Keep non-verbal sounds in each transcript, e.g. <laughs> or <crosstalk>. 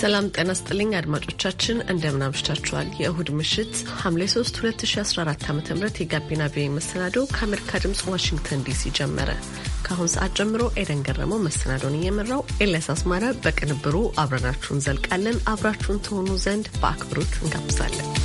ሰላም ጤና ስጥልኝ አድማጮቻችን፣ እንደምን አምሽታችኋል። የእሁድ ምሽት ሐምሌ 3 2014 ዓ ም የጋቢና ቪኦኤ መሰናዶ ከአሜሪካ ድምፅ ዋሽንግተን ዲሲ ጀመረ። ከአሁን ሰዓት ጀምሮ ኤደን ገረመው መሰናዶን እየመራው፣ ኤልያስ አስማረ በቅንብሩ አብረናችሁን ዘልቃለን። አብራችሁን ትሆኑ ዘንድ በአክብሮት እንጋብዛለን።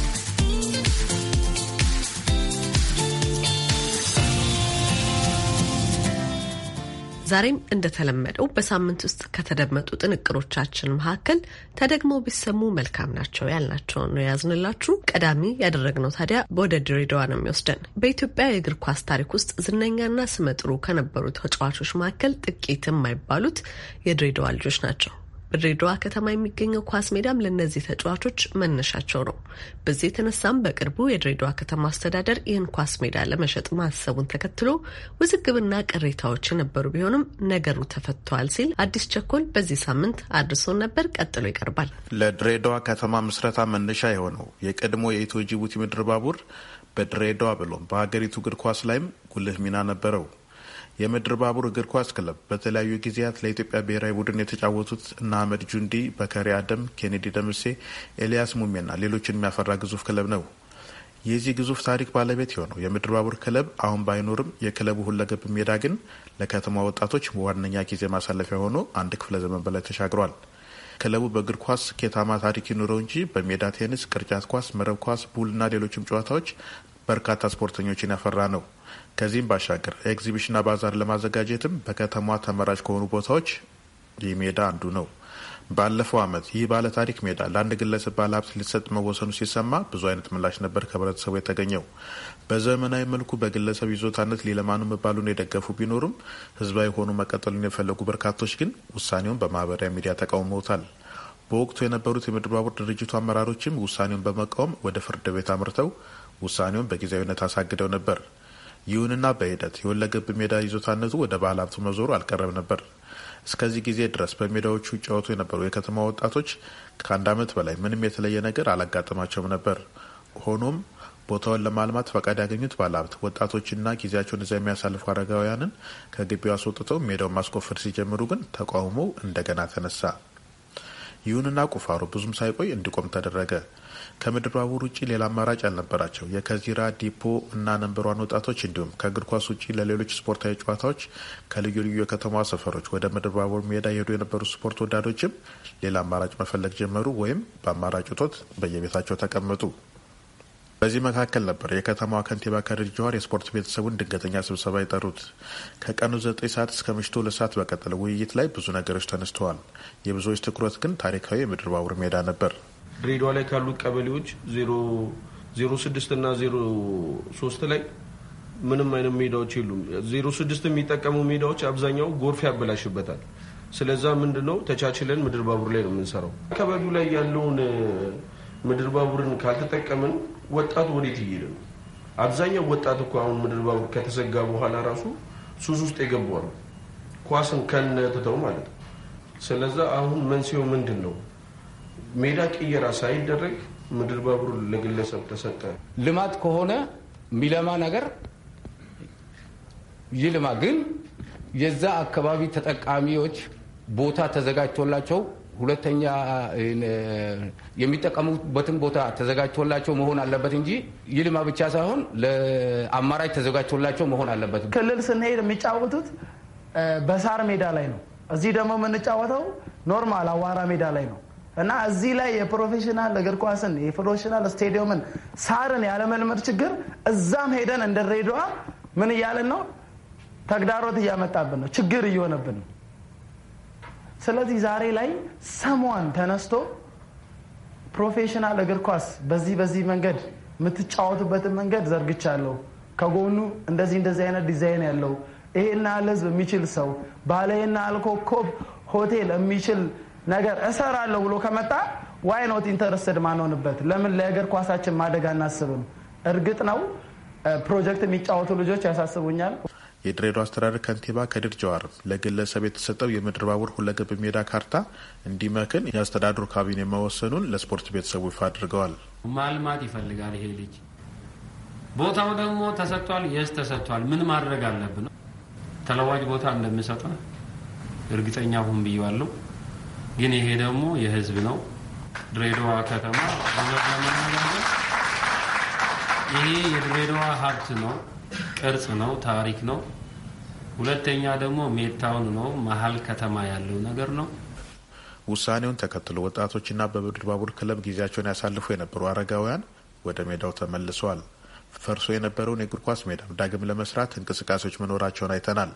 ዛሬም እንደተለመደው በሳምንት ውስጥ ከተደመጡ ጥንቅሮቻችን መካከል ተደግሞ ቢሰሙ መልካም ናቸው ያልናቸውን ነው የያዝንላችሁ። ቀዳሚ ያደረግነው ታዲያ ወደ ድሬዳዋ ነው የሚወስደን። በኢትዮጵያ የእግር ኳስ ታሪክ ውስጥ ዝነኛና ስመጥሩ ከነበሩ ተጫዋቾች መካከል ጥቂት የማይባሉት የድሬዳዋ ልጆች ናቸው። በድሬዳዋ ከተማ የሚገኘው ኳስ ሜዳም ለእነዚህ ተጫዋቾች መነሻቸው ነው። በዚህ የተነሳም በቅርቡ የድሬዳዋ ከተማ አስተዳደር ይህን ኳስ ሜዳ ለመሸጥ ማሰቡን ተከትሎ ውዝግብና ቅሬታዎች የነበሩ ቢሆንም ነገሩ ተፈቷል ሲል አዲስ ቸኮል በዚህ ሳምንት አድርሶን ነበር። ቀጥሎ ይቀርባል። ለድሬዳዋ ከተማ ምስረታ መነሻ የሆነው የቀድሞ የኢትዮ ጅቡቲ ምድር ባቡር በድሬዳዋ ብሎም በሀገሪቱ እግር ኳስ ላይም ጉልህ ሚና ነበረው። የምድር ባቡር እግር ኳስ ክለብ በተለያዩ ጊዜያት ለኢትዮጵያ ብሔራዊ ቡድን የተጫወቱት እነ አህመድ ጁንዲ፣ በከሪ አደም፣ ኬኔዲ ደምሴ፣ ኤልያስ ሙሜና ሌሎችን የሚያፈራ ግዙፍ ክለብ ነው። የዚህ ግዙፍ ታሪክ ባለቤት የሆነው የምድር ባቡር ክለብ አሁን ባይኖርም የክለቡ ሁለገብ ሜዳ ግን ለከተማ ወጣቶች ዋነኛ ጊዜ ማሳለፊያ ሆኖ አንድ ክፍለ ዘመን በላይ ተሻግሯል። ክለቡ በእግር ኳስ ስኬታማ ታሪክ ይኑረው እንጂ በሜዳ ቴኒስ፣ ቅርጫት ኳስ፣ መረብ ኳስ፣ ፑልና ሌሎችም ጨዋታዎች በርካታ ስፖርተኞችን ያፈራ ነው። ከዚህም ባሻገር ኤግዚቢሽንና ባዛር ለማዘጋጀትም በከተማዋ ተመራጭ ከሆኑ ቦታዎች ይህ ሜዳ አንዱ ነው። ባለፈው ዓመት ይህ ባለ ታሪክ ሜዳ ለአንድ ግለሰብ ባለ ሀብት ሊሰጥ መወሰኑ ሲሰማ ብዙ አይነት ምላሽ ነበር ከህብረተሰቡ የተገኘው። በዘመናዊ መልኩ በግለሰብ ይዞታነት ሊለማኑ መባሉን የደገፉ ቢኖሩም ህዝባዊ ሆኑ መቀጠሉን የፈለጉ በርካቶች ግን ውሳኔውን በማህበራዊ ሚዲያ ተቃውመውታል። በወቅቱ የነበሩት የምድር ባቡር ድርጅቱ አመራሮችም ውሳኔውን በመቃወም ወደ ፍርድ ቤት አምርተው ውሳኔውን በጊዜያዊነት አሳግደው ነበር። ይሁንና በሂደት የወለገብ ሜዳ ይዞታነቱ ወደ ባለ ሀብቱ መዞሩ አልቀረም ነበር። እስከዚህ ጊዜ ድረስ በሜዳዎቹ ይጫወቱ የነበሩ የከተማ ወጣቶች ከአንድ ዓመት በላይ ምንም የተለየ ነገር አላጋጠማቸውም ነበር። ሆኖም ቦታውን ለማልማት ፈቃድ ያገኙት ባለሀብት ወጣቶችና ጊዜያቸውን እዚያ የሚያሳልፉ አረጋውያንን ከግቢው አስወጥተው ሜዳውን ማስቆፈር ሲጀምሩ ግን ተቃውሞው እንደገና ተነሳ። ይሁንና ቁፋሮ ብዙም ሳይቆይ እንዲቆም ተደረገ። ከምድር ባቡር ውጭ ሌላ አማራጭ አልነበራቸው። የከዚራ ዲፖ እና ነንበሯን ወጣቶች እንዲሁም ከእግር ኳስ ውጭ ለሌሎች ስፖርታዊ ጨዋታዎች ከልዩ ልዩ የከተማዋ ሰፈሮች ወደ ምድር ባቡር ሜዳ ይሄዱ የነበሩ ስፖርት ወዳዶችም ሌላ አማራጭ መፈለግ ጀመሩ ወይም በአማራጭ እጦት በየቤታቸው ተቀመጡ። በዚህ መካከል ነበር የከተማዋ ከንቲባ ከድር ጀዋር የስፖርት ቤተሰቡን ድንገተኛ ስብሰባ የጠሩት። ከቀኑ ዘጠኝ ሰዓት እስከ ምሽቱ ሁለት ሰዓት በቀጠለ ውይይት ላይ ብዙ ነገሮች ተነስተዋል። የብዙዎች ትኩረት ግን ታሪካዊ የምድር ባቡር ሜዳ ነበር። ድሬዳዋ ላይ ካሉት ቀበሌዎች ዜሮ እና ዜሮ ሶስት ላይ ምንም አይነት ሜዳዎች የሉም። ዜሮ ስድስት የሚጠቀሙ ሜዳዎች አብዛኛው ጎርፍ ያበላሽበታል። ስለዛ ምንድነው? ነው ተቻችለን ምድር ባቡር ላይ ነው የምንሰራው። አካባቢው ላይ ያለውን ምድር ባቡርን ካልተጠቀምን ወጣቱ ወዴት እየሄደ ነው? አብዛኛው ወጣት እኮ አሁን ምድር ባቡር ከተዘጋ በኋላ ራሱ ሱስ ውስጥ የገቧሉ ኳስን ከነትተው ማለት ነው። ስለዛ አሁን መንስኤው ምንድን ነው? ሜዳ ቅየራ ሳይደረግ ምድር በብሩ ለግለሰብ ተሰጠ። ልማት ከሆነ የሚለማ ነገር ይልማ፣ ግን የዛ አካባቢ ተጠቃሚዎች ቦታ ተዘጋጅቶላቸው ሁለተኛ የሚጠቀሙበትን ቦታ ተዘጋጅቶላቸው መሆን አለበት እንጂ ይልማ ብቻ ሳይሆን ለአማራጭ ተዘጋጅቶላቸው መሆን አለበት። ክልል ስንሄድ የሚጫወቱት በሳር ሜዳ ላይ ነው። እዚህ ደግሞ የምንጫወተው ኖርማል አዋራ ሜዳ ላይ ነው። እና እዚህ ላይ የፕሮፌሽናል እግር ኳስን የፕሮፌሽናል ስቴዲየምን ሳርን ያለመልመድ ችግር እዛም ሄደን እንደ ድሬዳዋ ምን እያለን ነው? ተግዳሮት እያመጣብን ነው፣ ችግር እየሆነብን ነው። ስለዚህ ዛሬ ላይ ሰሞን ተነስቶ ፕሮፌሽናል እግር ኳስ በዚህ በዚህ መንገድ የምትጫወቱበትን መንገድ ዘርግቻለሁ፣ ከጎኑ እንደዚህ እንደዚህ አይነት ዲዛይን ያለው ይሄና ህዝብ የሚችል ሰው ባለይና አልኮኮብ ሆቴል የሚችል ነገር እሰራለሁ ብሎ ከመጣ ዋይ ኖት ኢንተረስትድ ማንሆንበት? ለምን ለእግር ኳሳችን ማደግ አናስብም? እርግጥ ነው ፕሮጀክት የሚጫወቱ ልጆች ያሳስቡኛል። የድሬዳዋ አስተዳደር ከንቲባ ከድር ለግለሰብ የተሰጠው የምድር ባቡር ሁለገብ ሜዳ ካርታ እንዲመክን የአስተዳደሩ ካቢኔ መወሰኑን ለስፖርት ቤተሰቡ ይፋ አድርገዋል። ማልማት ይፈልጋል ይሄ ልጅ። ቦታው ደግሞ ተሰጥቷል። የስ ተሰጥቷል። ምን ማድረግ አለብን? ተለዋጭ ቦታ እንደምሰጠ እርግጠኛ ሁን ብዬዋለሁ። ግን ይሄ ደግሞ የህዝብ ነው። ድሬዳዋ ከተማ ይሄ የድሬዳዋ ሀብት ነው፣ ቅርጽ ነው፣ ታሪክ ነው። ሁለተኛ ደግሞ ሜታውን ነው፣ መሀል ከተማ ያለው ነገር ነው። ውሳኔውን ተከትሎ ወጣቶችና በምድር ባቡር ክለብ ጊዜያቸውን ያሳልፉ የነበሩ አረጋውያን ወደ ሜዳው ተመልሰዋል። ፈርሶ የነበረውን የእግር ኳስ ሜዳ ዳግም ለመስራት እንቅስቃሴዎች መኖራቸውን አይተናል።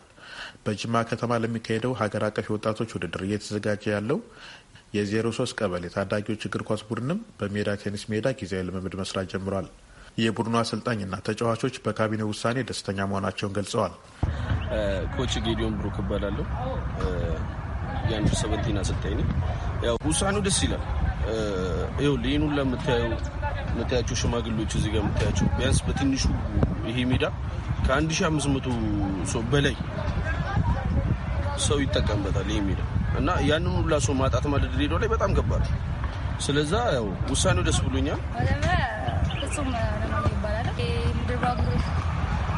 በጅማ ከተማ ለሚካሄደው ሀገር አቀፍ የወጣቶች ውድድር እየተዘጋጀ ያለው የዜሮ ሶስት ቀበሌ ታዳጊዎች እግር ኳስ ቡድንም በሜዳ ቴኒስ ሜዳ ጊዜያዊ ልምምድ መስራት ጀምሯል። የቡድኑ አሰልጣኝና ተጫዋቾች በካቢኔ ውሳኔ ደስተኛ መሆናቸውን ገልጸዋል። ኮች ጌዲዮን ብሩክ እባላለሁ። የአንዱ ሰቨንቲን አሰልጣኝ ነኝ። ያው ውሳኔው ደስ ይላል። ይኸው ሌኑን ለምታየው የምታያቸው ሽማግሌዎች እዚህ ጋር የምታያቸው ቢያንስ በትንሹ ይሄ ሜዳ ከ1500 ሰው በላይ ሰው ይጠቀምበታል የሚለው እና ያንን ሁላ ሰው ማጣት ማለት ድሬዳዋ ላይ በጣም ገባል። ስለዛ ያው ውሳኔው ደስ ብሎኛል። ፍጹም ረማ ይባላል ምድር ባቡር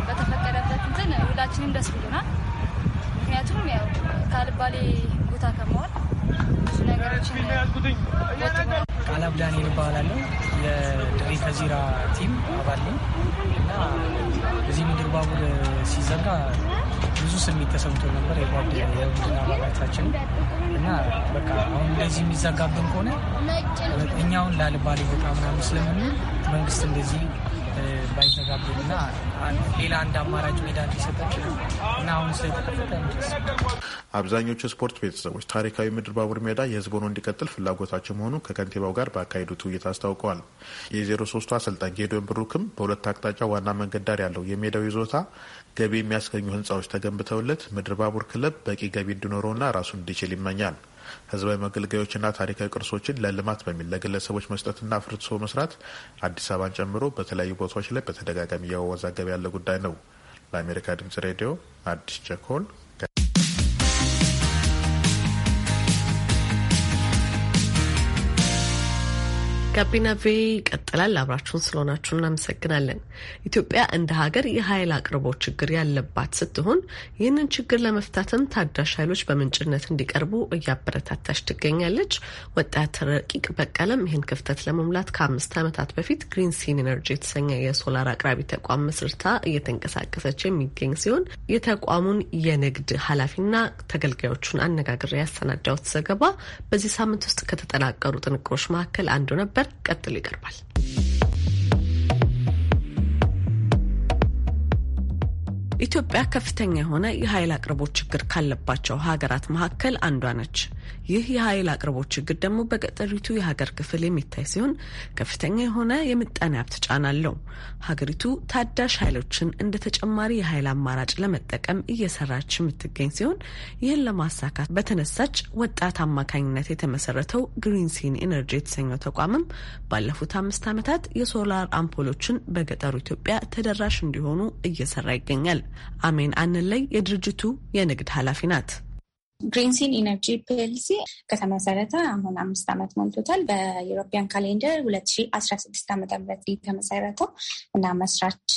በተፈቀደበት እንትን ሁላችንም ደስ ብሎናል። ምክንያቱም ያው ካልባሌ ቦታ ከመዋል ብዙ ነገሮችን ቃላብ ዳንኤል እባላለሁ። የድሬ ከዚራ ቲም አባል ነኝ እና እዚህ ምድር ባቡር ሲዘጋ ብዙ ስሜት ተሰምቶ ነበር። የቡድን አባላታችን እና በቃ አሁን እንደዚህ የሚዘጋብን ከሆነ እኛውን ላልባሌ ቦታ ምናምን ስለምን መንግስት እንደዚህ ባይዘጋብንና ሌላ አንድ አማራጭ ሜዳ እንዲሰጠች እና አሁን ስለተከፈተ አብዛኞቹ ስፖርት ቤተሰቦች ታሪካዊ ምድር ባቡር ሜዳ የህዝብ ሆኖ እንዲቀጥል ፍላጎታቸው መሆኑን ከከንቲባው ጋር በአካሄዱት ውይይት አስታውቀዋል። የዜሮ ሶስቱ አሰልጣኝ ጌዶን ብሩክም በሁለት አቅጣጫ ዋና መንገድ ዳር ያለው የሜዳው ይዞታ ገቢ የሚያስገኙ ህንፃዎች ተገንብተውለት ምድር ባቡር ክለብ በቂ ገቢ እንዲኖረውና ራሱን እንዲችል ይመኛል። ህዝባዊ መገልገያዎችና ታሪካዊ ቅርሶችን ለልማት በሚል ለግለሰቦች መስጠትና ፍርድሶ መስራት አዲስ አበባን ጨምሮ በተለያዩ ቦታዎች ላይ በተደጋጋሚ እያወዛገበ ያለ ጉዳይ ነው። ለአሜሪካ ድምጽ ሬዲዮ አዲስ ቸኮል ጋቢና ቬ ይቀጥላል። አብራችሁን ስለሆናችሁ እናመሰግናለን። ኢትዮጵያ እንደ ሀገር የኃይል አቅርቦ ችግር ያለባት ስትሆን ይህንን ችግር ለመፍታትም ታዳሽ ኃይሎች በምንጭነት እንዲቀርቡ እያበረታታች ትገኛለች። ወጣት ረቂቅ በቀለም ይህን ክፍተት ለመሙላት ከአምስት ዓመታት በፊት ግሪን ሲን ኤነርጂ የተሰኘ የሶላር አቅራቢ ተቋም መስርታ እየተንቀሳቀሰች የሚገኝ ሲሆን የተቋሙን የንግድ ኃላፊና ተገልጋዮቹን አነጋግሬ ያሰናዳሁት ዘገባ በዚህ ሳምንት ውስጥ ከተጠናቀሩ ጥንቅሮች መካከል አንዱ ነበር። ነበር። ቀጥሎ ይቀርባል። ኢትዮጵያ ከፍተኛ የሆነ የኃይል አቅርቦት ችግር ካለባቸው ሀገራት መካከል አንዷ ነች። ይህ የኃይል አቅርቦት ችግር ደግሞ በገጠሪቱ የሀገር ክፍል የሚታይ ሲሆን ከፍተኛ የሆነ የምጣኔ ሀብት ጫና አለው። ሀገሪቱ ታዳሽ ኃይሎችን እንደ ተጨማሪ የኃይል አማራጭ ለመጠቀም እየሰራች የምትገኝ ሲሆን ይህን ለማሳካት በተነሳች ወጣት አማካኝነት የተመሰረተው ግሪንሲን ኢነርጂ የተሰኘው ተቋምም ባለፉት አምስት ዓመታት የሶላር አምፖሎችን በገጠሩ ኢትዮጵያ ተደራሽ እንዲሆኑ እየሰራ ይገኛል። አሜን አንለይ የድርጅቱ የንግድ ኃላፊ ናት። ግሪንሲን ኢነርጂ ፖሊሲ ከተመሰረተ አሁን አምስት ዓመት ሞልቶታል። በዩሮፒያን ካሌንደር ሁለት ሺ አስራ ስድስት ዓመተ ምህረት የተመሰረተው እና መስራች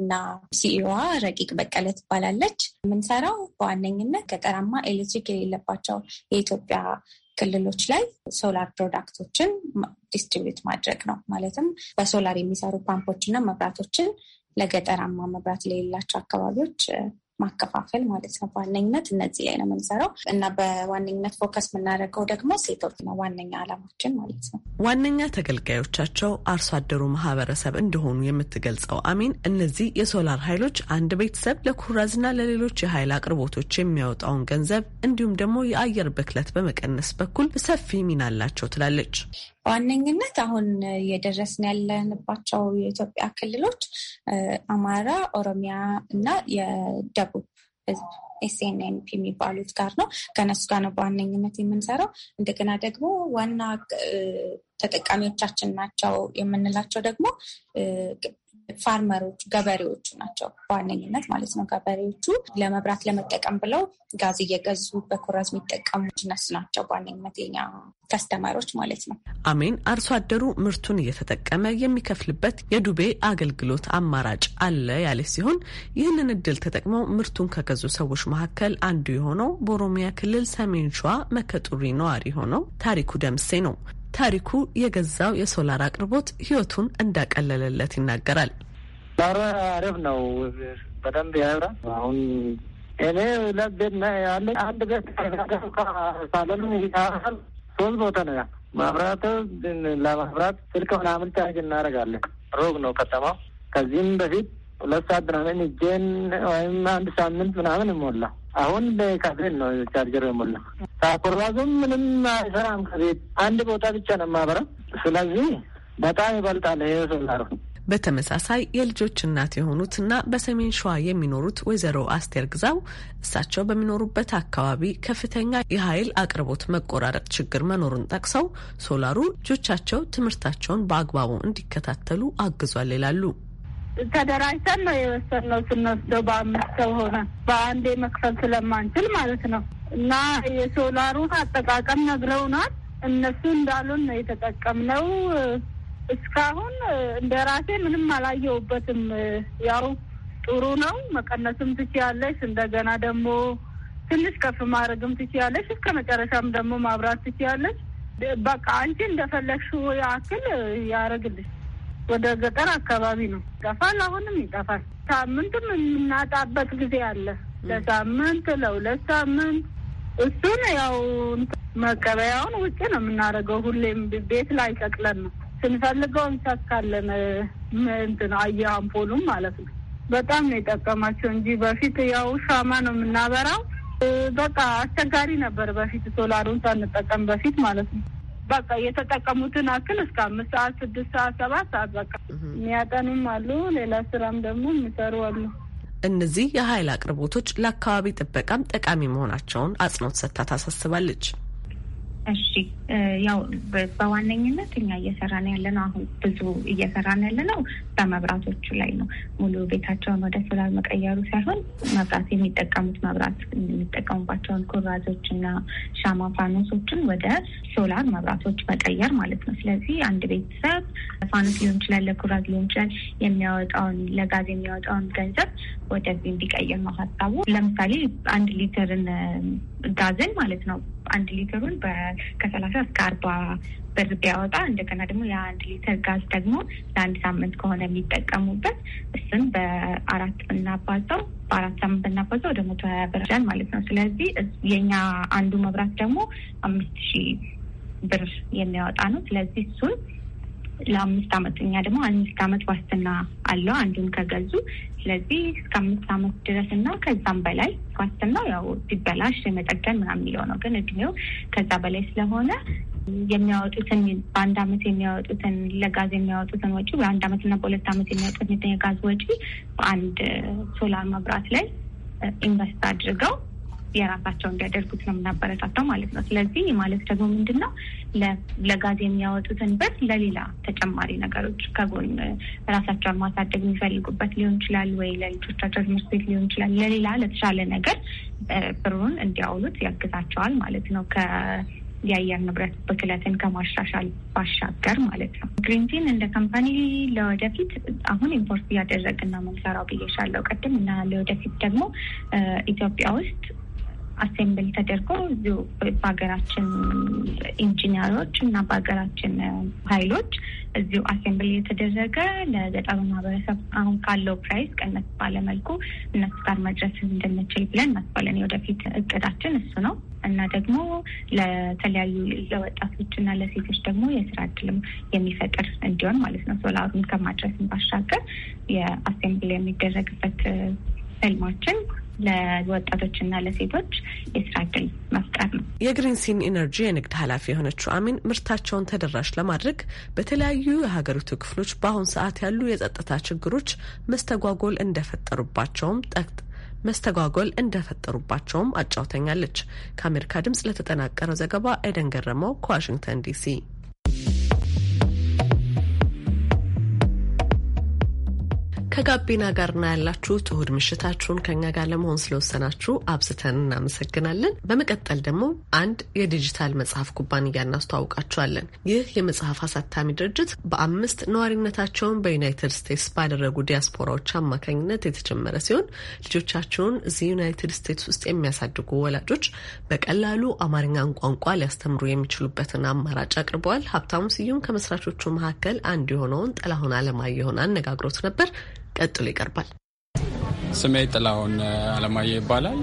እና ሲኢኦዋ ረቂቅ በቀለ ትባላለች። የምንሰራው በዋነኝነት ገጠራማ ኤሌክትሪክ የሌለባቸው የኢትዮጵያ ክልሎች ላይ ሶላር ፕሮዳክቶችን ዲስትሪቢዩት ማድረግ ነው። ማለትም በሶላር የሚሰሩ ፓምፖችና መብራቶችን ለገጠራማ መብራት ለሌላቸው አካባቢዎች ማከፋፈል ማለት ነው። በዋነኝነት እነዚህ ላይ ነው የምንሰራው እና በዋነኝነት ፎከስ የምናደርገው ደግሞ ሴቶች ነው ዋነኛ አላማችን ማለት ነው። ዋነኛ ተገልጋዮቻቸው አርሶ አደሩ ማህበረሰብ እንደሆኑ የምትገልጸው አሚን፣ እነዚህ የሶላር ኃይሎች አንድ ቤተሰብ ለኩራዝና ለሌሎች የኃይል አቅርቦቶች የሚያወጣውን ገንዘብ እንዲሁም ደግሞ የአየር ብክለት በመቀነስ በኩል ሰፊ ሚና አላቸው ትላለች። በዋነኝነት አሁን እየደረስን ያለንባቸው የኢትዮጵያ ክልሎች አማራ፣ ኦሮሚያ እና የደቡብ ህዝብ ኤስኤንኤንፒ የሚባሉት ጋር ነው። ከነሱ ጋር ነው በዋነኝነት የምንሰራው። እንደገና ደግሞ ዋና ተጠቃሚዎቻችን ናቸው የምንላቸው ደግሞ ፋርመሮች ገበሬዎቹ ናቸው በዋነኝነት ማለት ነው። ገበሬዎቹ ለመብራት ለመጠቀም ብለው ጋዝ እየገዙ በኩራዝ የሚጠቀሙ እነሱ ናቸው በዋነኝነት የኛ ከስተመሮች ማለት ነው። አሜን አርሶ አደሩ ምርቱን እየተጠቀመ የሚከፍልበት የዱቤ አገልግሎት አማራጭ አለ ያለ ሲሆን ይህንን እድል ተጠቅመው ምርቱን ከገዙ ሰዎች መካከል አንዱ የሆነው በኦሮሚያ ክልል ሰሜን ሸዋ መከጡሪ ነዋሪ የሆነው ታሪኩ ደምሴ ነው። ታሪኩ የገዛው የሶላር አቅርቦት ህይወቱን እንዳቀለለለት ይናገራል። ኧረ አሪፍ ነው፣ በደንብ ያብራ አሁን እኔ ሁለት ቤት ያለ አንድ ቤት ሳለሉ ይል ሶስት ቦታ ነው ያ ማብራት ለማብራት ስልክ ምናምን ቻርጅ እናደርጋለን። ሩቅ ነው ከተማው ከዚህም በፊት ሁለት ሰዓት ምናምን እጄን ወይም አንድ ሳምንት ምናምን የሞላ አሁን በካፌን ነው ቻርጀር የሞላ ሳኮራዙም ምንም አይሰራም። ከቤት አንድ ቦታ ብቻ ነው ማበራ። ስለዚህ በጣም ይበልጣል ይሄ ሶላሩ። በተመሳሳይ የልጆች እናት የሆኑትና በሰሜን ሸዋ የሚኖሩት ወይዘሮ አስቴር ግዛው እሳቸው በሚኖሩበት አካባቢ ከፍተኛ የኃይል አቅርቦት መቆራረጥ ችግር መኖሩን ጠቅሰው ሶላሩ ልጆቻቸው ትምህርታቸውን በአግባቡ እንዲከታተሉ አግዟል ይላሉ። ተደራጅተን ነው የወሰድነው። ስንወስደው በአምስት ሰው ሆነ በአንዴ መክፈል ስለማንችል ማለት ነው። እና የሶላሩን አጠቃቀም ነግረውናል። እነሱ እንዳሉን ነው የተጠቀምነው። እስካሁን እንደ ራሴ ምንም አላየሁበትም። ያው ጥሩ ነው። መቀነስም ትችያለሽ፣ እንደገና ደግሞ ትንሽ ከፍ ማድረግም ትችያለሽ፣ እስከ መጨረሻም ደግሞ ማብራት ትችያለሽ። በቃ አንቺ እንደፈለግሽ ያክል ያደርግልሽ ወደ ገጠር አካባቢ ነው። ይጠፋል፣ አሁንም ይጠፋል። ሳምንትም የምናጣበት ጊዜ አለ። ለሳምንት ለሁለት ሳምንት እሱን ያው መቀበያውን ውጭ ነው የምናደርገው። ሁሌም ቤት ላይ ሰቅለን ነው ስንፈልገው እንሰካለን። ነው አየ አምፖሉም ማለት ነው። በጣም ነው የጠቀማቸው እንጂ በፊት ያው ሻማ ነው የምናበራው። በቃ አስቸጋሪ ነበር በፊት ሶላሩን ሳንጠቀም በፊት ማለት ነው። በቃ የተጠቀሙትን አክል እስከ አምስት ሰዓት ስድስት ሰዓት ሰባት ሰዓት በቃ የሚያጠኑም አሉ። ሌላ ስራም ደግሞ የሚሰሩ አሉ። እነዚህ የኃይል አቅርቦቶች ለአካባቢ ጥበቃም ጠቃሚ መሆናቸውን አጽንኦት ሰጥታ ታሳስባለች። እሺ ያው በዋነኝነት እኛ ነው ያለ ነው። አሁን ብዙ እየሰራን ያለ ነው በመብራቶቹ ላይ ነው። ሙሉ ቤታቸውን ወደ ሶላር መቀየሩ ሳይሆን መብራት የሚጠቀሙት መብራት የሚጠቀሙባቸውን ኩራዞች እና ሻማ ፋኖሶችን ወደ ሶላር መብራቶች መቀየር ማለት ነው። ስለዚህ አንድ ቤተሰብ ፋኖስ ሊሆን ይችላል፣ ለኩራዝ ሊሆን ይችላል፣ የሚያወጣውን ለጋዝ የሚያወጣውን ገንዘብ ወደዚህ እንዲቀይር ነው ሀሳቡ። ለምሳሌ አንድ ሊትርን ጋዝን ማለት ነው አንድ ሊትሩን በ ከሰላሳ እስከ አርባ ብር ቢያወጣ እንደገና ደግሞ የአንድ ሊትር ጋዝ ደግሞ ለአንድ ሳምንት ከሆነ የሚጠቀሙበት እሱን በአራት ብናባዛው በአራት ሳምንት ብናባዛው ወደ መቶ ሀያ ብር ማለት ነው። ስለዚህ የኛ አንዱ መብራት ደግሞ አምስት ሺህ ብር የሚያወጣ ነው። ስለዚህ እሱን ለአምስት አመት እኛ ደግሞ አምስት አመት ዋስትና አለው አንዱን ከገዙ። ስለዚህ እስከ አምስት አመት ድረስ እና ከዛም በላይ ዋስትናው ያው ሲበላሽ የመጠገን ምናምን የሚለው ነው። ግን እድሜው ከዛ በላይ ስለሆነ የሚያወጡትን በአንድ አመት የሚያወጡትን ለጋዝ የሚያወጡትን ወጪ በአንድ አመት እና በሁለት አመት የሚያወጡትን የጋዝ ወጪ በአንድ ሶላር መብራት ላይ ኢንቨስት አድርገው የራሳቸው እንዲያደርጉት ነው የምናበረታታው ማለት ነው። ስለዚህ ማለት ደግሞ ምንድን ነው ለጋዜ የሚያወጡትን ብር ለሌላ ተጨማሪ ነገሮች ከጎን ራሳቸውን ማሳደግ የሚፈልጉበት ሊሆን ይችላል ወይ ለልጆቻቸው ትምህርት ቤት ሊሆን ይችላል። ለሌላ ለተሻለ ነገር ብሩን እንዲያውሉት ያግዛቸዋል ማለት ነው። የአየር ንብረት ብክለትን ከማሻሻል ባሻገር ማለት ነው። ግሪንቲን እንደ ካምፓኒ ለወደፊት አሁን ኢምፖርት እያደረግን ነው የምንሰራው ብዬሻለሁ ቅድም እና ለወደፊት ደግሞ ኢትዮጵያ ውስጥ አሴምብል ተደርጎ እዚሁ በሀገራችን ኢንጂነሮች እና በሀገራችን ኃይሎች እዚሁ አሴምብል የተደረገ ለገጠሩ ማህበረሰብ አሁን ካለው ፕራይስ ቀነስ ባለመልኩ እነሱ ጋር መድረስ እንድንችል ብለን እናስባለን። የወደፊት እቅዳችን እሱ ነው እና ደግሞ ለተለያዩ ለወጣቶች እና ለሴቶች ደግሞ የስራ እድልም የሚፈጥር እንዲሆን ማለት ነው። ሶላሩን ከማድረስን ባሻገር የአሴምብል የሚደረግበት ህልማችን ለወጣቶችና ለሴቶች የስራ እድል መፍጠር ነው። የግሪን ሲን ኢነርጂ የንግድ ኃላፊ የሆነችው አሚን ምርታቸውን ተደራሽ ለማድረግ በተለያዩ የሀገሪቱ ክፍሎች በአሁን ሰዓት ያሉ የጸጥታ ችግሮች መስተጓጎል እንደፈጠሩባቸውም ጠቅጥ መስተጓጎል እንደፈጠሩባቸውም አጫውተኛለች። ከአሜሪካ ድምጽ ለተጠናቀረው ዘገባ ኤደን ገረመው ከዋሽንግተን ዲሲ ከጋቢና ጋር ና ያላችሁት እሁድ ምሽታችሁን ከኛ ጋር ለመሆን ስለወሰናችሁ አብዝተን እናመሰግናለን። በመቀጠል ደግሞ አንድ የዲጂታል መጽሐፍ ኩባንያ እናስተዋውቃችኋለን። ይህ የመጽሐፍ አሳታሚ ድርጅት በአምስት ነዋሪነታቸውን በዩናይትድ ስቴትስ ባደረጉ ዲያስፖራዎች አማካኝነት የተጀመረ ሲሆን ልጆቻቸውን እዚህ ዩናይትድ ስቴትስ ውስጥ የሚያሳድጉ ወላጆች በቀላሉ አማርኛን ቋንቋ ሊያስተምሩ የሚችሉበትን አማራጭ አቅርበዋል። ሀብታሙ ስዩም ከመስራቾቹ መካከል አንዱ የሆነውን ጥላሁን አለማየሁን አነጋግሮት ነበር። ቀጥሎ ይቀርባል። ስሜ ጥላሁን አለማየሁ ይባላል።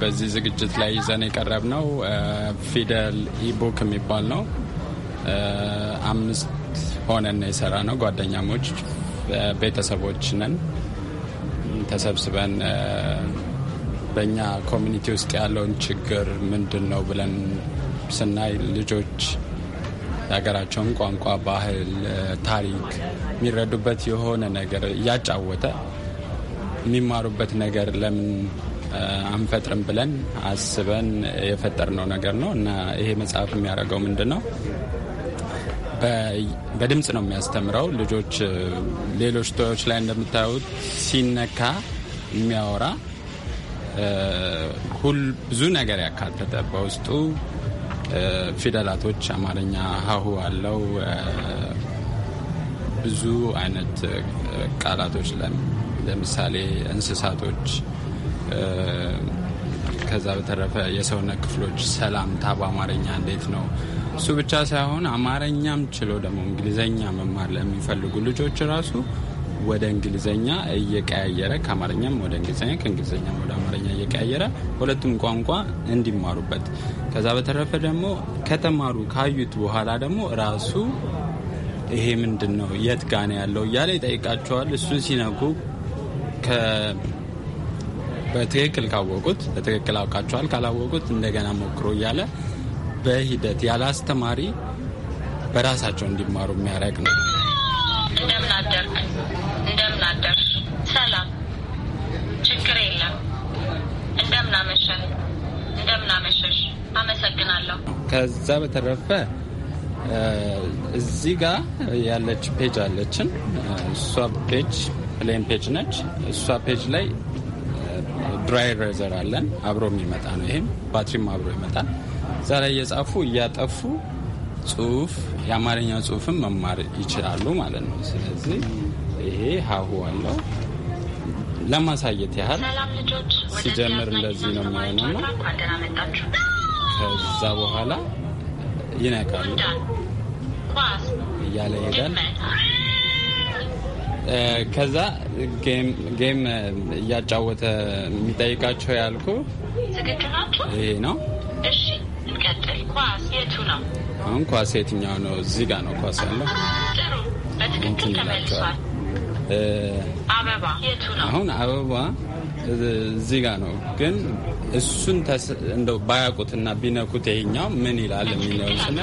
በዚህ ዝግጅት ላይ ይዘን የቀረብ ነው ፊደል ኢቡክ የሚባል ነው። አምስት ሆነን የሰራ ነው። ጓደኛሞች ቤተሰቦች ነን። ተሰብስበን በእኛ ኮሚኒቲ ውስጥ ያለውን ችግር ምንድን ነው ብለን ስናይ ልጆች የሀገራቸውን ቋንቋ፣ ባህል፣ ታሪክ የሚረዱበት የሆነ ነገር እያጫወተ የሚማሩበት ነገር ለምን አንፈጥርም ብለን አስበን የፈጠርነው ነገር ነው እና ይሄ መጽሐፍ የሚያደርገው ምንድን ነው? በድምፅ ነው የሚያስተምረው። ልጆች ሌሎች ቶዮች ላይ እንደምታዩት ሲነካ የሚያወራ ሁል ብዙ ነገር ያካተተ በውስጡ ፊደላቶች አማርኛ ሀሁ አለው። ብዙ አይነት ቃላቶች ለምሳሌ እንስሳቶች፣ ከዛ በተረፈ የሰውነት ክፍሎች ሰላምታ በአማርኛ እንዴት ነው? እሱ ብቻ ሳይሆን አማርኛም ችሎ ደግሞ እንግሊዘኛ መማር ለሚፈልጉ ልጆች ራሱ ወደ እንግሊዝኛ እየቀያየረ ከአማርኛም ወደ እንግሊዝኛ ከእንግሊዝኛም ወደ አማርኛ እየቀያየረ ሁለቱም ቋንቋ እንዲማሩበት ከዛ በተረፈ ደግሞ ከተማሩ ካዩት በኋላ ደግሞ ራሱ ይሄ ምንድን ነው የት ጋ ያለው እያለ ይጠይቃቸዋል። እሱን ሲነጉ በትክክል ካወቁት በትክክል አውቃቸዋል፣ ካላወቁት እንደገና ሞክሮ እያለ በሂደት ያለ አስተማሪ በራሳቸው እንዲማሩ የሚያደርግ ነው። ከዛ በተረፈ እዚህ ጋር ያለች ፔጅ አለችን። እሷ ፔጅ ፕሌን ፔጅ ነች። እሷ ፔጅ ላይ ድራይ ሬዘር አለን። አብሮ የሚመጣ ነው። ይሄም ባትሪም አብሮ ይመጣል። እዛ ላይ እየጻፉ እያጠፉ ጽሁፍ የአማርኛ ጽሁፍን መማር ይችላሉ ማለት ነው። ስለዚህ ይሄ ሀሁ አለው ለማሳየት ያህል ሲጀምር እንደዚህ ነው የሚሆነው ነው ከዛ በኋላ ይነቃል እያለ ይሄዳል። ከዛ ጌም እያጫወተ የሚጠይቃቸው ያልኩ ይሄ ነው። አሁን ኳስ የትኛው ነው? እዚህ ጋር ነው ኳስ ያለው። አሁን አበባ ዜጋ ነው። ግን እሱን እንደው ባያውቁትና ቢነኩት ይሄኛው ምን ይላል የሚለው ስና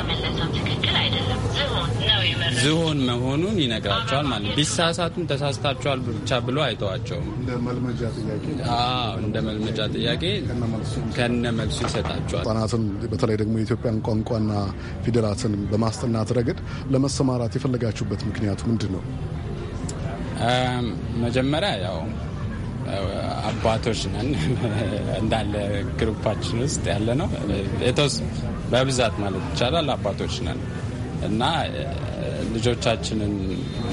ዝሆን መሆኑን ይነግራቸዋል ማለት ነው። ቢሳሳቱም ተሳስታቸዋል ብቻ ብሎ አይተዋቸውም። እንደ መልመጃ ጥያቄ ከነ መልሱ ይሰጣቸዋል። ህጻናትን በተለይ ደግሞ የኢትዮጵያን ቋንቋና ፊደላትን በማስጠናት ረገድ ለመሰማራት የፈለጋችሁበት ምክንያቱ ምንድን ነው? መጀመሪያ ያው አባቶች ነን <laughs> እንዳለ ግሩፓችን ውስጥ ያለ ነው ቶስ በብዛት ማለት ይቻላል አባቶች ነን እና ልጆቻችንን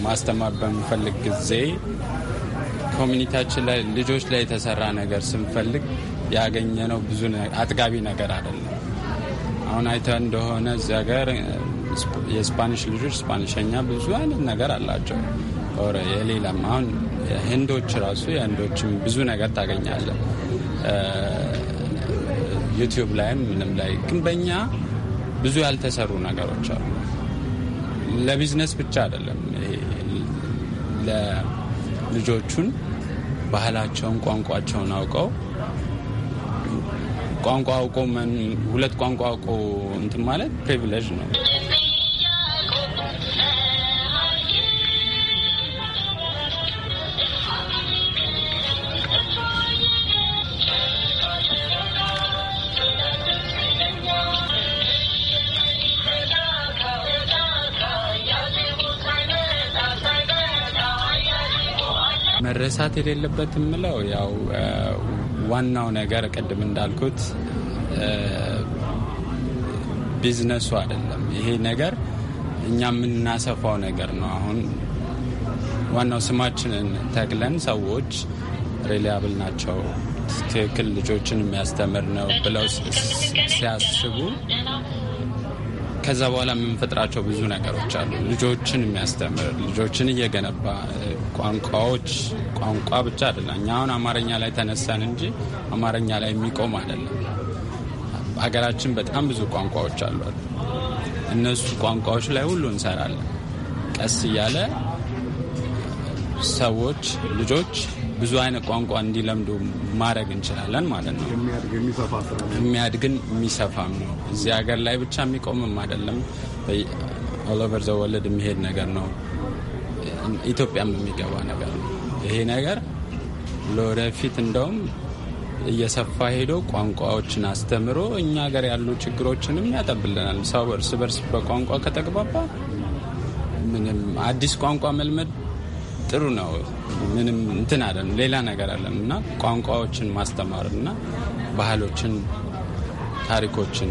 ማስተማር በምፈልግ ጊዜ ኮሚኒቲያችን ላይ ልጆች ላይ የተሰራ ነገር ስንፈልግ ያገኘነው ብዙ አጥጋቢ ነገር አይደለም። አሁን አይተ እንደሆነ እዚህ ሀገር የስፓኒሽ ልጆች ስፓኒሸኛ ብዙ አይነት ነገር አላቸው። ኦረ የሌላም አሁን ህንዶች ራሱ የህንዶችም ብዙ ነገር ታገኛለ ዩቲዩብ ላይም ምንም ላይ ግን በእኛ ብዙ ያልተሰሩ ነገሮች አሉ። ለቢዝነስ ብቻ አይደለም። ለልጆቹን ባህላቸውን፣ ቋንቋቸውን አውቀው ቋንቋ አውቆ ሁለት ቋንቋ አውቆ እንትን ማለት ፕሪቪሌጅ ነው። መረሳት የሌለበት የምለው ያው ዋናው ነገር ቅድም እንዳልኩት ቢዝነሱ አይደለም። ይሄ ነገር እኛ የምናሰፋው ነገር ነው። አሁን ዋናው ስማችንን ተክለን ሰዎች ሬሊያብል ናቸው፣ ትክክል ልጆችን የሚያስተምር ነው ብለው ሲያስቡ ከዛ በኋላ የምንፈጥራቸው ብዙ ነገሮች አሉ። ልጆችን የሚያስተምር ልጆችን እየገነባ ቋንቋዎች ቋንቋ ብቻ አይደለም። እኛ አሁን አማርኛ ላይ ተነሳን እንጂ አማርኛ ላይ የሚቆም አይደለም። ሀገራችን በጣም ብዙ ቋንቋዎች አሉ። እነሱ ቋንቋዎች ላይ ሁሉ እንሰራለን። ቀስ እያለ ሰዎች ልጆች ብዙ አይነት ቋንቋ እንዲለምዱ ማድረግ እንችላለን ማለት ነው። የሚያድግን የሚሰፋም ነው። እዚህ ሀገር ላይ ብቻ የሚቆምም አይደለም። ኦሎቨር ዘወለድ የሚሄድ ነገር ነው። ኢትዮጵያም የሚገባ ነገር ነው። ይሄ ነገር ለወደፊት እንደውም እየሰፋ ሄዶ ቋንቋዎችን አስተምሮ እኛ ሀገር ያሉ ችግሮችንም ያጠብልናል። ሰው እርስ በርስ በቋንቋ ከተግባባ ምንም አዲስ ቋንቋ መልመድ ጥሩ ነው። ምንም እንትን አለም ሌላ ነገር አለም እና ቋንቋዎችን ማስተማር እና ባህሎችን፣ ታሪኮችን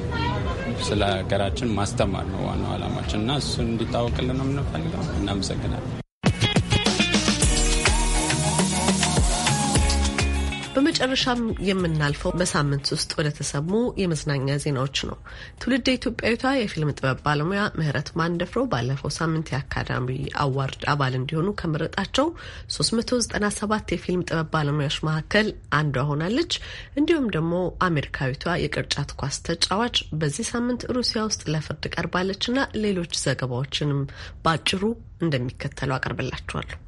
ስለ ሀገራችን ማስተማር ነው ዋናው አላማችን እና እሱን እንዲታወቅልን ነው የምንፈልገው። እናመሰግናለን። በመጨረሻም የምናልፈው በሳምንት ውስጥ ወደ ተሰሙ የመዝናኛ ዜናዎች ነው። ትውልድ ኢትዮጵያዊቷ የፊልም ጥበብ ባለሙያ ምህረት ማንደፍሮ ባለፈው ሳምንት የአካዳሚ አዋርድ አባል እንዲሆኑ ከመረጣቸው 397 የፊልም ጥበብ ባለሙያዎች መካከል አንዷ ሆናለች። እንዲሁም ደግሞ አሜሪካዊቷ የቅርጫት ኳስ ተጫዋች በዚህ ሳምንት ሩሲያ ውስጥ ለፍርድ ቀርባለችና ሌሎች ዘገባዎችንም ባጭሩ እንደሚከተለው አቀርብላችኋለሁ።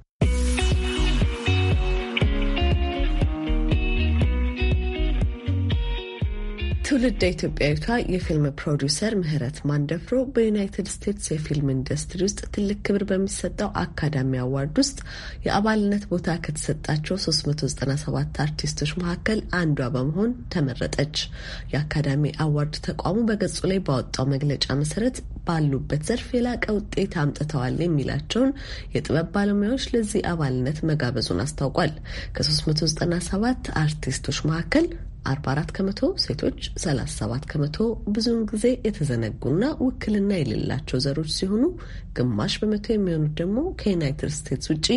ትውልድ ኢትዮጵያዊቷ የፊልም ፕሮዲውሰር ምህረት ማንደፍሮ በዩናይትድ ስቴትስ የፊልም ኢንዱስትሪ ውስጥ ትልቅ ክብር በሚሰጠው አካዳሚ አዋርድ ውስጥ የአባልነት ቦታ ከተሰጣቸው 397 አርቲስቶች መካከል አንዷ በመሆን ተመረጠች። የአካዳሚ አዋርድ ተቋሙ በገጹ ላይ ባወጣው መግለጫ መሰረት ባሉበት ዘርፍ የላቀ ውጤት አምጥተዋል የሚላቸውን የጥበብ ባለሙያዎች ለዚህ አባልነት መጋበዙን አስታውቋል። ከ397 አርቲስቶች መካከል 44 ከመቶ ሴቶች፣ 37 ከመቶ ብዙውን ጊዜ የተዘነጉና ውክልና የሌላቸው ዘሮች ሲሆኑ ግማሽ በመቶ የሚሆኑት ደግሞ ከዩናይትድ ስቴትስ ውጪ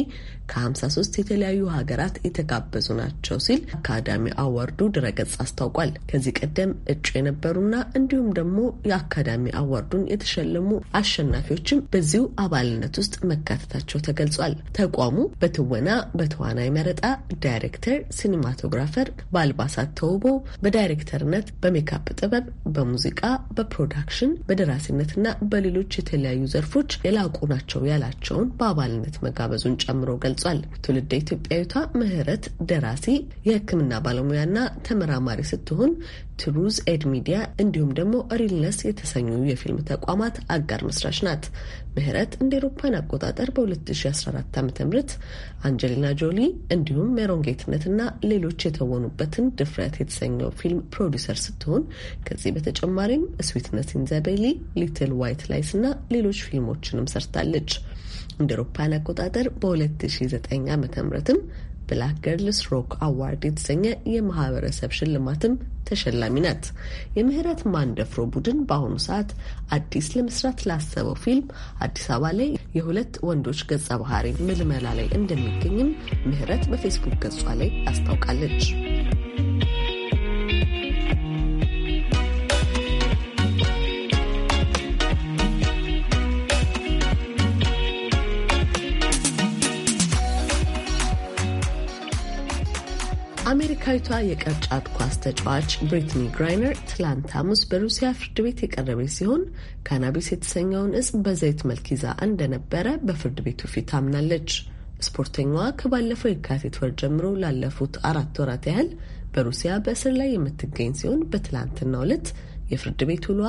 ከ53 የተለያዩ ሀገራት የተጋበዙ ናቸው ሲል አካዳሚ አዋርዱ ድረገጽ አስታውቋል። ከዚህ ቀደም እጩ የነበሩና እንዲሁም ደግሞ የአካዳሚ አዋርዱን የተሸለሙ አሸናፊዎችም በዚሁ አባልነት ውስጥ መካተታቸው ተገልጿል። ተቋሙ በትወና፣ በተዋናይ መረጣ፣ ዳይሬክተር፣ ሲኒማቶግራፈር፣ በአልባሳት ተው ተውቦ በዳይሬክተርነት፣ በሜካፕ ጥበብ፣ በሙዚቃ፣ በፕሮዳክሽን፣ በደራሲነትና በሌሎች የተለያዩ ዘርፎች የላቁ ናቸው ያላቸውን በአባልነት መጋበዙን ጨምሮ ገልጿል። ትውልደ ኢትዮጵያዊቷ ምህረት ደራሲ፣ የህክምና ባለሙያና ተመራማሪ ስትሆን ትሩዝ ኤድ ሚዲያ እንዲሁም ደግሞ ሪልነስ የተሰኙ የፊልም ተቋማት አጋር መስራች ናት። ምህረት እንደ ኤሮፓን አቆጣጠር በ2014 ዓ ም አንጀሊና ጆሊ እንዲሁም ሜሮን ጌትነትና ሌሎች የተወኑበትን ድፍረት የተሰኘው ፊልም ፕሮዲሰር ስትሆን ከዚህ በተጨማሪም ስዊትነስ ኢንዘቤሊ፣ ሊትል ዋይት ላይስ እና ሌሎች ፊልሞችንም ሰርታለች። እንደ ኤሮፓን አቆጣጠር በ2009 ዓ ምም ብላክ ገርልስ ሮክ አዋርድ የተሰኘ የማህበረሰብ ሽልማትም ተሸላሚ ናት። የምህረት ማንደፍሮ ቡድን በአሁኑ ሰዓት አዲስ ለመስራት ላሰበው ፊልም አዲስ አበባ ላይ የሁለት ወንዶች ገጸ ባህሪ ምልመላ ላይ እንደሚገኝም ምህረት በፌስቡክ ገጿ ላይ አስታውቃለች። አሜሪካዊቷ የቅርጫት ኳስ ተጫዋች ብሪትኒ ግራይነር ትላንት ሐሙስ በሩሲያ ፍርድ ቤት የቀረበች ሲሆን ካናቢስ የተሰኘውን እጽ በዘይት መልክ ይዛ እንደነበረ በፍርድ ቤቱ ፊት አምናለች። ስፖርተኛዋ ከባለፈው የካቲት ወር ጀምሮ ላለፉት አራት ወራት ያህል በሩሲያ በእስር ላይ የምትገኝ ሲሆን በትላንትናው ዕለት የፍርድ ቤት ውሏ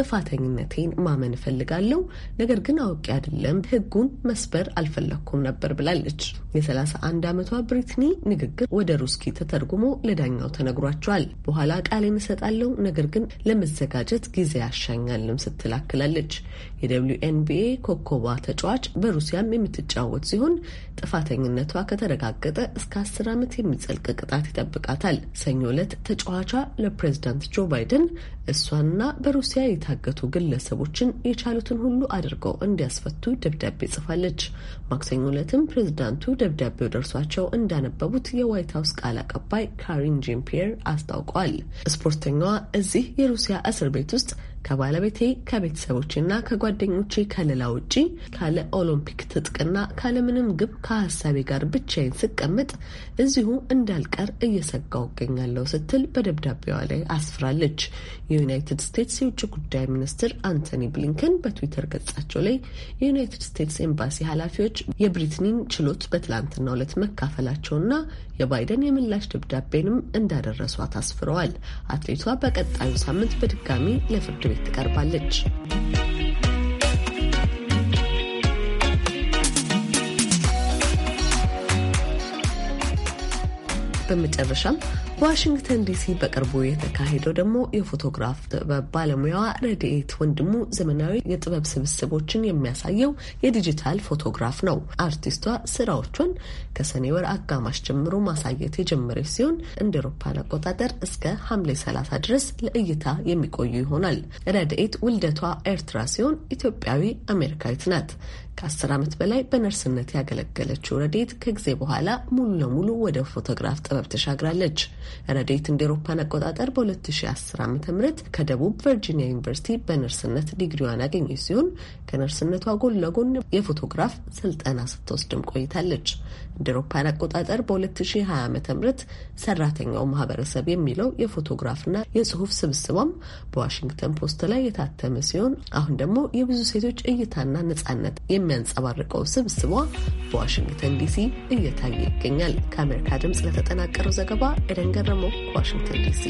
ጥፋተኝነቴን ማመን እፈልጋለሁ፣ ነገር ግን አውቄ አይደለም ህጉን መስበር አልፈለግኩም ነበር ብላለች። የ31 ዓመቷ ብሪትኒ ንግግር ወደ ሩስኪ ተተርጉሞ ለዳኛው ተነግሯቸዋል። በኋላ ቃል እሰጣለሁ፣ ነገር ግን ለመዘጋጀት ጊዜ ያሻኛልም ስትል አክላለች። የደብሊው ኤንቢኤ ኮከቧ ተጫዋች በሩሲያም የምትጫወት ሲሆን ጥፋተኝነቷ ከተረጋገጠ እስከ አስር ዓመት የሚጸልቅ ቅጣት ይጠብቃታል። ሰኞ ዕለት ተጫዋቿ ለፕሬዚዳንት ጆ ባይደን እሷንና በሩሲያ የታገቱ ግለሰቦችን የቻሉትን ሁሉ አድርገው እንዲያስፈቱ ደብዳቤ ጽፋለች። ማክሰኞ ዕለትም ፕሬዚዳንቱ ደብዳቤው ደርሷቸው እንዳነበቡት የዋይት ሀውስ ቃል አቀባይ ካሪን ጄን ፒየር ስፖርተኛዋ እዚህ የሩሲያ እስር ቤት ውስጥ ከባለቤቴ ከቤተሰቦቼና ከጓደኞቼ ከሌላ ውጪ ካለ ኦሎምፒክ ትጥቅና ካለምንም ግብ ከሀሳቤ ጋር ብቻዬን ስቀመጥ እዚሁ እንዳልቀር እየሰጋው እገኛለሁ ስትል በደብዳቤዋ ላይ አስፍራለች። የዩናይትድ ስቴትስ የውጭ ጉዳይ ሚኒስትር አንቶኒ ብሊንከን በትዊተር ገጻቸው ላይ የዩናይትድ ስቴትስ ኤምባሲ ኃላፊዎች የብሪትኒን ችሎት በትላንትናው ዕለት መካፈላቸውና የባይደን የምላሽ ደብዳቤንም እንዳደረሷት አስፍረዋል። አትሌቷ በቀጣዩ ሳምንት በድጋሚ ለፍርድ ቤት ትቀርባለች። በመጨረሻም በዋሽንግተን ዲሲ በቅርቡ የተካሄደው ደግሞ የፎቶግራፍ ጥበብ ባለሙያዋ ረድኤት ወንድሙ ዘመናዊ የጥበብ ስብስቦችን የሚያሳየው የዲጂታል ፎቶግራፍ ነው። አርቲስቷ ስራዎቿን ከሰኔ ወር አጋማሽ ጀምሮ ማሳየት የጀመረች ሲሆን እንደ አውሮፓውያን አቆጣጠር እስከ ሐምሌ 30 ድረስ ለእይታ የሚቆዩ ይሆናል። ረድኤት ውልደቷ ኤርትራ ሲሆን ኢትዮጵያዊ አሜሪካዊት ናት። ከአስር ዓመት በላይ በነርስነት ያገለገለችው ረዴት ከጊዜ በኋላ ሙሉ ለሙሉ ወደ ፎቶግራፍ ጥበብ ተሻግራለች። ረዴት እንደ ኤሮፓን አቆጣጠር በ2010 ዓ ም ከደቡብ ቨርጂኒያ ዩኒቨርሲቲ በነርስነት ዲግሪዋን ያገኘች ሲሆን ከነርስነቷ ጎን ለጎን የፎቶግራፍ ስልጠና ስትወስድም ቆይታለች። እንደ አቆጣጠር በ2020 ዓ ም ሰራተኛው ማህበረሰብ የሚለው የፎቶግራፍና የጽሁፍ ስብስቧም በዋሽንግተን ፖስት ላይ የታተመ ሲሆን አሁን ደግሞ የብዙ ሴቶች እይታና ነጻነት የሚያንጸባርቀው ስብስቧ በዋሽንግተን ዲሲ እየታየ ይገኛል። ከአሜሪካ ድምፅ ለተጠናቀረው ዘገባ ኤደን ገረመው ዋሽንግተን ዲሲ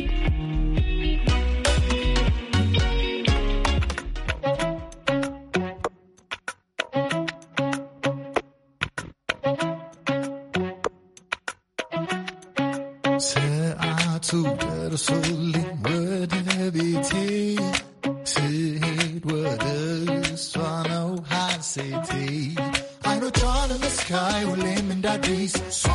city I know John in the sky will him in that beast so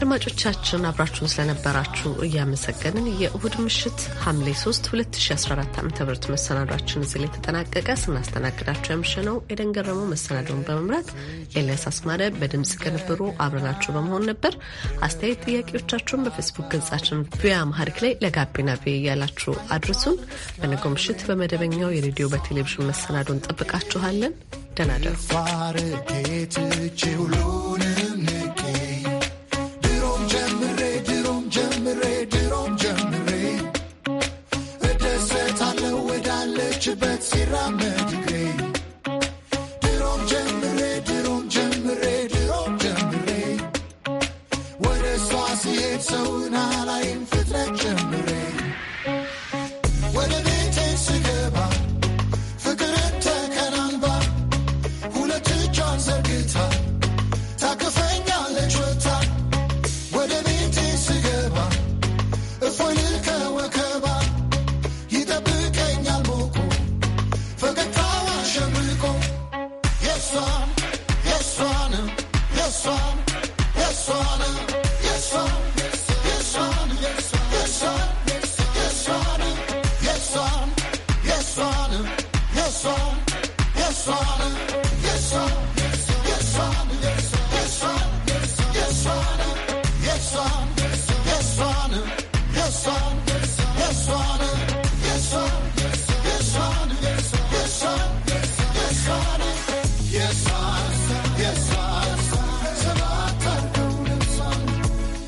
አድማጮቻችን አብራችሁን ስለነበራችሁ እያመሰገንን የእሁድ ምሽት ሐምሌ 3 2014 ዓ ም መሰናዷችን እዚህ ላይ ተጠናቀቀ። ስናስተናግዳችሁ ያምሸነው ኤደን ገረመው፣ መሰናዶውን በመምራት ኤልያስ አስማረ፣ በድምፅ ቅንብሩ አብረናችሁ በመሆን ነበር። አስተያየት ጥያቄዎቻችሁን በፌስቡክ ገጻችን ቪያ ማሀሪክ ላይ ለጋቢና ቪ እያላችሁ አድርሱን። በነገው ምሽት በመደበኛው የሬዲዮ በቴሌቪዥን መሰናዶ እንጠብቃችኋለን። ደህና ደሩ